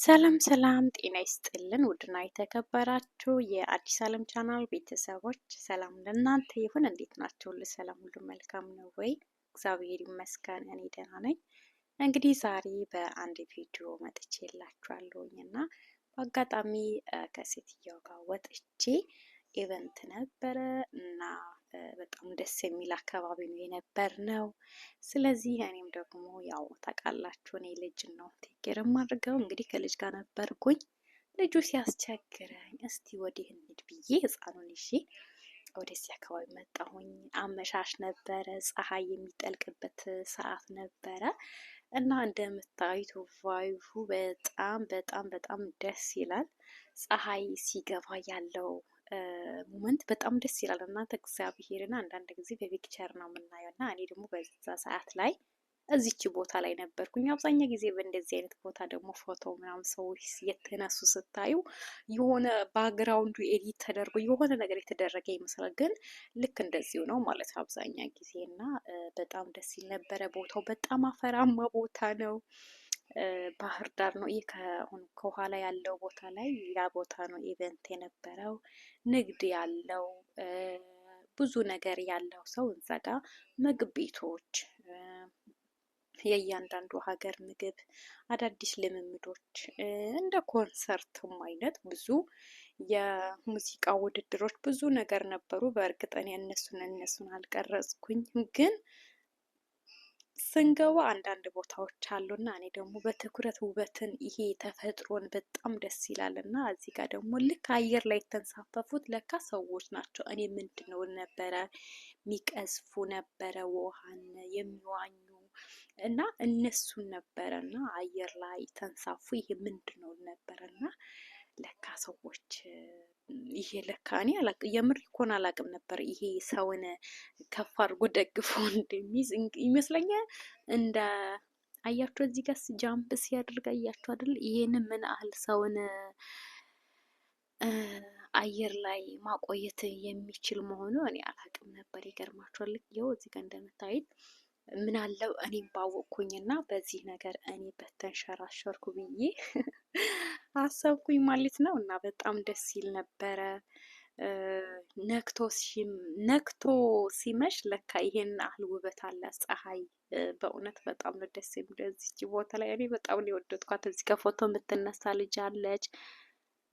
ሰላም ሰላም ጤና ይስጥልን ውድና የተከበራችሁ የአዲስ ዓለም ቻናል ቤተሰቦች ሰላም ለእናንተ ይሁን። እንዴት ናቸው ሰላም ሁሉ መልካም ነው ወይ? እግዚአብሔር ይመስገን እኔ ደህና ነኝ። እንግዲህ ዛሬ በአንድ ቪዲዮ መጥቼ የላችኋለሁኝ እና በአጋጣሚ ከሴትዮዋ ጋር ወጥቼ ኢቨንት ነበረ እና በጣም ደስ የሚል አካባቢ ነው የነበር ነው። ስለዚህ እኔም ደግሞ ያው ታውቃላችሁ እኔ ልጅ ነው ቴጌር የማድርገው እንግዲህ ከልጅ ጋር ነበርኩኝ። ልጁ ሲያስቸግረኝ እስቲ ወዲህ እንሂድ ብዬ ህፃኑን ይዤ ወደዚህ አካባቢ መጣሁኝ። አመሻሽ ነበረ፣ ፀሐይ የሚጠልቅበት ሰዓት ነበረ። እና እንደምታዩት ቫይቡ በጣም በጣም በጣም ደስ ይላል። ፀሐይ ሲገባ ያለው ሞመንት በጣም ደስ ይላል። እናንተ እግዚአብሔርን አንዳንድ ጊዜ በፒክቸር ነው የምናየው እና እኔ ደግሞ በዛ ሰዓት ላይ እዚች ቦታ ላይ ነበርኩኝ። አብዛኛ ጊዜ በእንደዚህ አይነት ቦታ ደግሞ ፎቶ ምናምን ሰዎች የተነሱ ስታዩ የሆነ ባግራውንዱ ኤዲት ተደርጎ የሆነ ነገር የተደረገ ይመስላል፣ ግን ልክ እንደዚሁ ነው ማለት ነው አብዛኛ ጊዜ እና በጣም ደስ ይል ነበረ። ቦታው በጣም አፈራማ ቦታ ነው። ባህር ዳር ነው። ይህ ከኋላ ያለው ቦታ ላይ ያ ቦታ ነው ኢቨንት የነበረው ንግድ ያለው ብዙ ነገር ያለው ሰው እዛ ጋ ምግብ ቤቶች የእያንዳንዱ ሀገር ምግብ፣ አዳዲስ ልምምዶች እንደ ኮንሰርትም አይነት ብዙ የሙዚቃ ውድድሮች ብዙ ነገር ነበሩ። በእርግጠን እኔ እነሱን እነሱን አልቀረጽኩኝ ግን ስንገባ አንዳንድ ቦታዎች አሉና እኔ ደግሞ በትኩረት ውበትን ይሄ ተፈጥሮን በጣም ደስ ይላል እና እዚህ ጋር ደግሞ ልክ አየር ላይ የተንሳፈፉት ለካ ሰዎች ናቸው። እኔ ምንድን ነው ነበረ የሚቀዝፉ ነበረ ውሃን የሚዋኙ እና እነሱን ነበረ ነበረና አየር ላይ ተንሳፎ ይሄ ምንድን ነው ነበረና ለካ ሰዎች ይሄ ለካ እኔ አላቅም የምር ኮን አላቅም ነበር። ይሄ ሰውን ከፍ አድርጎ ደግፎ እንደሚይዝ ይመስለኛል። እንደ አያችሁ እዚህ ጋር ጃምፕ ሲያደርግ አያችሁ አይደል? ይሄን ምን ያህል ሰውን አየር ላይ ማቆየት የሚችል መሆኑ እኔ አላቅም ነበር። ይገርማችኋል። ልክ ይኸው እዚህ ጋር እንደምታዩት ምናለው እኔም ባወቅኩኝና በዚህ ነገር እኔ በተንሸራሸርኩ ብዬ አሰብኩኝ ማለት ነው። እና በጣም ደስ ሲል ነበረ። ነክቶ ሲመሽ ለካ ይሄን አህል ውበት አለ ፀሐይ። በእውነት በጣም ነው ደስ የሚል እዚች ቦታ ላይ እኔ በጣም ነው የወደድኳት። እዚህ ከፎቶ የምትነሳ ልጅ አለች።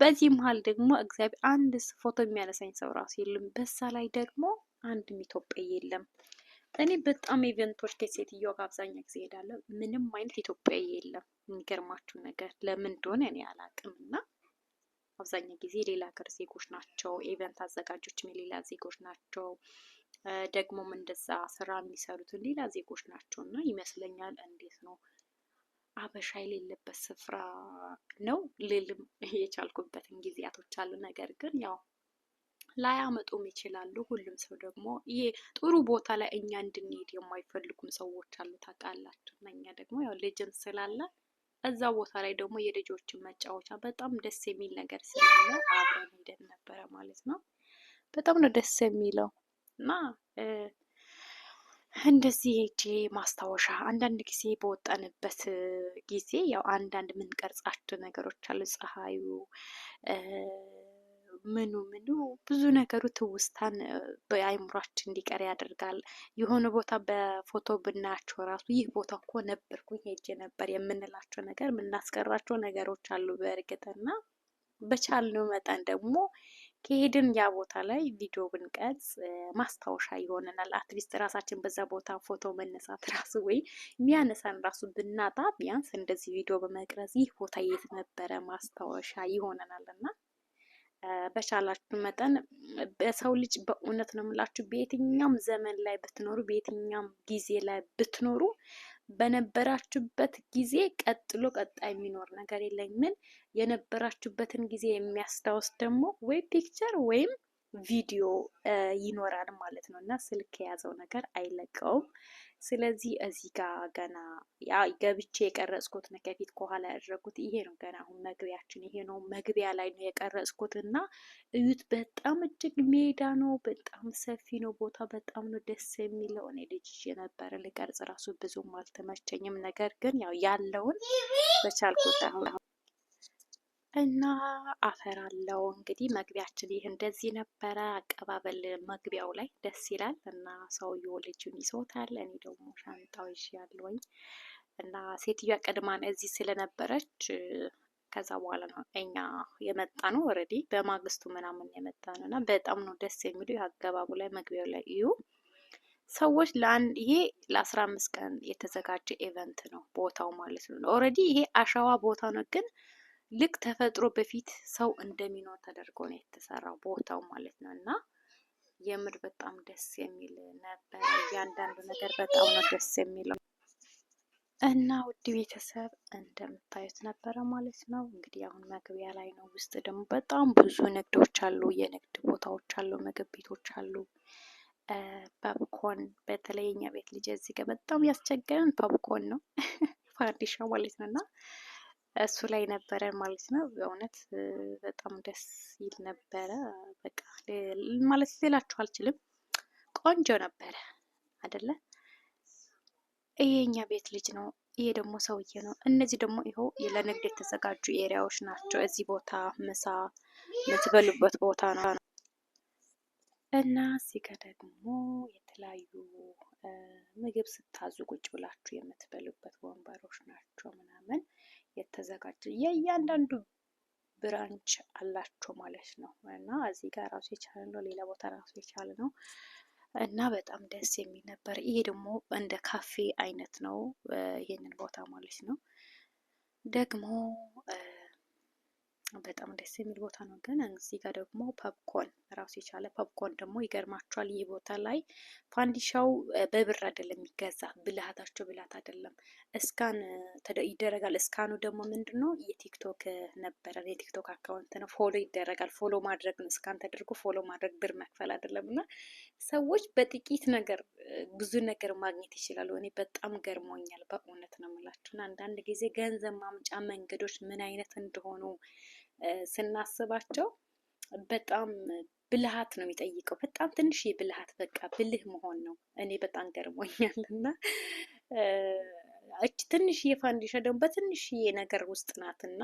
በዚህ መሀል ደግሞ እግዚአብሔር አንድ ፎቶ የሚያነሳኝ ሰው ራሱ የለም። በዛ ላይ ደግሞ አንድም ኢትዮጵያ የለም። እኔ በጣም ኢቨንቶች ከሴትዮዋ ጋር አብዛኛ ጊዜ ሄዳለ ምንም አይነት ኢትዮጵያዊ የለም። የሚገርማችሁ ነገር ለምን እንደሆነ እኔ አላውቅም። እና አብዛኛ ጊዜ የሌላ ሀገር ዜጎች ናቸው። ኢቨንት አዘጋጆችም የሌላ ዜጎች ናቸው። ደግሞም እንደዛ ስራ የሚሰሩትን ሌላ ዜጎች ናቸው። እና ይመስለኛል እንዴት ነው አበሻ የሌለበት ስፍራ ነው ልልም የቻልኩበትን ጊዜያቶች አሉ። ነገር ግን ያው ላያመጡም ይችላሉ። ሁሉም ሰው ደግሞ ይሄ ጥሩ ቦታ ላይ እኛ እንድንሄድ የማይፈልጉም ሰዎች አሉ ታውቃላችሁ። እኛ ደግሞ ያው ልጅም ስላለ እዛ ቦታ ላይ ደግሞ የልጆችን መጫወቻ በጣም ደስ የሚል ነገር ስላለ አብረን ሄደን ነበረ ማለት ነው። በጣም ነው ደስ የሚለው እና እንደዚህ ሄጄ ማስታወሻ አንዳንድ ጊዜ በወጣንበት ጊዜ ያው አንዳንድ የምንቀርጻቸው ነገሮች አሉ ፀሐዩ ምኑ ምኑ ብዙ ነገሩ ትውስታን በአይምሯችን እንዲቀር ያደርጋል። የሆነ ቦታ በፎቶ ብናያቸው ራሱ ይህ ቦታ እኮ ነበርኩኝ ሄጄ ነበር የምንላቸው ነገር የምናስቀራቸው ነገሮች አሉ በእርግጥና በቻልነው መጠን ደግሞ ከሄድን ያ ቦታ ላይ ቪዲዮ ብንቀርጽ ማስታወሻ ይሆነናል። አትሊስት ራሳችን በዛ ቦታ ፎቶ መነሳት ራሱ ወይ የሚያነሳን ራሱ ብናጣ ቢያንስ እንደዚህ ቪዲዮ በመቅረጽ ይህ ቦታ የት ነበረ ማስታወሻ ይሆነናል እና በቻላችሁ መጠን በሰው ልጅ በእውነት ነው የምላችሁ፣ በየትኛም ዘመን ላይ ብትኖሩ፣ በየትኛውም ጊዜ ላይ ብትኖሩ በነበራችሁበት ጊዜ ቀጥሎ ቀጣይ የሚኖር ነገር የለምን። የነበራችሁበትን ጊዜ የሚያስታውስ ደግሞ ወይ ፒክቸር ወይም ቪዲዮ ይኖራል ማለት ነው እና ስልክ የያዘው ነገር አይለቀውም። ስለዚህ እዚህ ጋር ገና ያ ገብቼ የቀረጽኩት ከፊት ከኋላ ያደረጉት ይሄ ነው። ገና አሁን መግቢያችን ይሄ ነው። መግቢያ ላይ ነው የቀረጽኩት እና እዩት። በጣም እጅግ ሜዳ ነው። በጣም ሰፊ ነው ቦታ። በጣም ነው ደስ የሚለው። እኔ ልጅ የነበረ ልቀርጽ ራሱ ብዙም አልተመቸኝም። ነገር ግን ያው ያለውን በቻልኩት አሁን እና አፈራለው እንግዲህ መግቢያችን ይህ እንደዚህ ነበረ። አቀባበል መግቢያው ላይ ደስ ይላል እና ሰውየው ልጁን ይዞታል። እኔ ደግሞ ሻንጣው ይዣለሁኝ እና ሴትዮዋ ቀድማን እዚህ ስለነበረች ከዛ በኋላ ነው እኛ የመጣ ነው። ኦልሬዲ በማግስቱ ምናምን የመጣ ነው እና በጣም ነው ደስ የሚለው አገባቡ ላይ መግቢያው ላይ እዩ ሰዎች ለአንድ ይሄ ለአስራ አምስት ቀን የተዘጋጀ ኢቨንት ነው ቦታው ማለት ነው። ኦልሬዲ ይሄ አሸዋ ቦታ ነው ግን ልክ ተፈጥሮ በፊት ሰው እንደሚኖር ተደርጎ ነው የተሰራው ቦታው ማለት ነው። እና የምር በጣም ደስ የሚል ነበር። እያንዳንዱ ነገር በጣም ነው ደስ የሚለው እና ውድ ቤተሰብ እንደምታዩት ነበረ ማለት ነው። እንግዲህ አሁን መግቢያ ላይ ነው። ውስጥ ደግሞ በጣም ብዙ ንግዶች አሉ፣ የንግድ ቦታዎች አሉ፣ ምግብ ቤቶች አሉ። ፓብኮን በተለይ የኛ ቤት ልጅ እዚህ ጋር በጣም ያስቸገረን ፓብኮን ነው ፋዲሻ ማለት ነው እና እሱ ላይ ነበረ ማለት ነው። በእውነት በጣም ደስ ይል ነበረ። በቃ ማለት ሌላችሁ አልችልም። ቆንጆ ነበረ አደለ? ይሄ የኛ ቤት ልጅ ነው። ይሄ ደግሞ ሰውዬ ነው። እነዚህ ደግሞ ይኸው ለንግድ የተዘጋጁ ኤሪያዎች ናቸው። እዚህ ቦታ ምሳ የምትበሉበት ቦታ ነው። እና እዚህ ደግሞ የተለያዩ ምግብ ስታዙ ቁጭ ብላችሁ የምትበሉበት ወንበሮች ናቸው ምናምን የተዘጋጀ የእያንዳንዱ ብራንች አላቸው ማለት ነው። እና እዚህ ጋር ራሱ የቻለ ነው፣ ሌላ ቦታ ራሱ የቻለ ነው። እና በጣም ደስ የሚል ነበር። ይሄ ደግሞ እንደ ካፌ አይነት ነው ይህንን ቦታ ማለት ነው። ደግሞ በጣም ደስ የሚል ቦታ ነው። ግን እዚህ ጋር ደግሞ ፐብኮን ራሱ የቻለ ፖፕኮርን ደግሞ ይገርማቸዋል። ይህ ቦታ ላይ ፋንዲሻው በብር አይደለም የሚገዛ ብልሃታቸው ብልሃት አይደለም። እስካን ይደረጋል። እስካኑ ደግሞ ምንድን ነው የቲክቶክ ነበረ የቲክቶክ አካውንት ነው። ፎሎ ይደረጋል። ፎሎ ማድረግ ነው። እስካን ተደርጎ ፎሎ ማድረግ ብር መክፈል አይደለም። እና ሰዎች በጥቂት ነገር ብዙ ነገር ማግኘት ይችላሉ። እኔ በጣም ገርሞኛል። በእውነት ነው የምላችሁ እና አንዳንድ ጊዜ ገንዘብ ማምጫ መንገዶች ምን አይነት እንደሆኑ ስናስባቸው በጣም ብልሃት ነው የሚጠይቀው። በጣም ትንሽ የብልሃት በቃ ብልህ መሆን ነው። እኔ በጣም ገርሞኛል እና እች ደግሞ በትንሽዬ ነገር ውስጥ ናት እና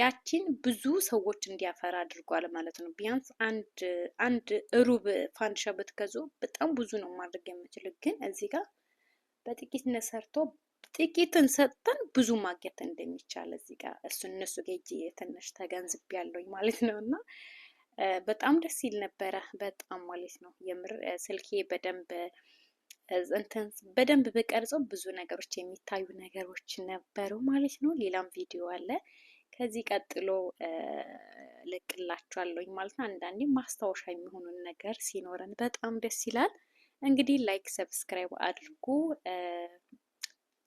ያቺን ብዙ ሰዎች እንዲያፈራ አድርጓል ማለት ነው። ቢያንስ አንድ አንድ ሩብ ፋውንዴሽን ብትገዙ በጣም ብዙ ነው ማድረግ የምችል ግን እዚህ ጋር በጥቂት ነሰርቶ ጥቂትን ሰጥተን ብዙ ማግኘት እንደሚቻል እዚህ ጋር እሱ እነሱ ጌጅ ትንሽ ተገንዝቤያለሁኝ ማለት ነው እና በጣም ደስ ይል ነበረ። በጣም ማለት ነው የምር ስልኬ በደንብ እንትን በደንብ በቀርጾ ብዙ ነገሮች የሚታዩ ነገሮች ነበሩ ማለት ነው። ሌላም ቪዲዮ አለ ከዚህ ቀጥሎ ልቅላችኋለሁኝ ማለት ነው። አንዳንዴ ማስታወሻ የሚሆኑን ነገር ሲኖረን በጣም ደስ ይላል። እንግዲህ ላይክ፣ ሰብስክራይብ አድርጉ፣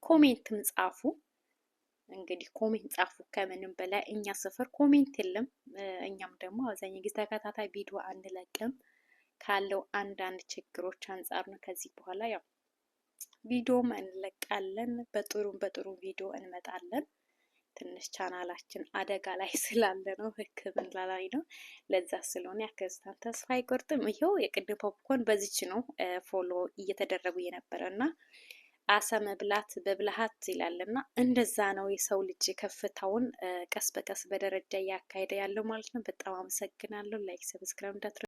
ኮሜንትም ጻፉ። እንግዲህ ኮሜንት ጻፉ። ከምንም በላይ እኛ ስፍር ኮሜንት የለም። እኛም ደግሞ አብዛኛው ጊዜ ተከታታይ ቪዲዮ አንለቅም ካለው አንዳንድ ችግሮች አንጻር ነው። ከዚህ በኋላ ያው ቪዲዮም እንለቃለን። በጥሩም በጥሩ ቪዲዮ እንመጣለን። ትንሽ ቻናላችን አደጋ ላይ ስላለ ነው፣ ሕክምና ላይ ነው። ለዛ ስለሆነ ያከስታን ተስፋ አይቆርጥም። ይኸው የቅድም ፖፕኮርን በዚች ነው ፎሎ እየተደረጉ የነበረ እና አሰ መብላት በብልሃት ይላል እንደዛ ነው የሰው ልጅ ከፍታውን ቀስ በቀስ በደረጃ እያካሄደ ያለው ማለት ነው። በጣም አመሰግናለሁ። ላይክ ሰብስክራይብ እንዳትረ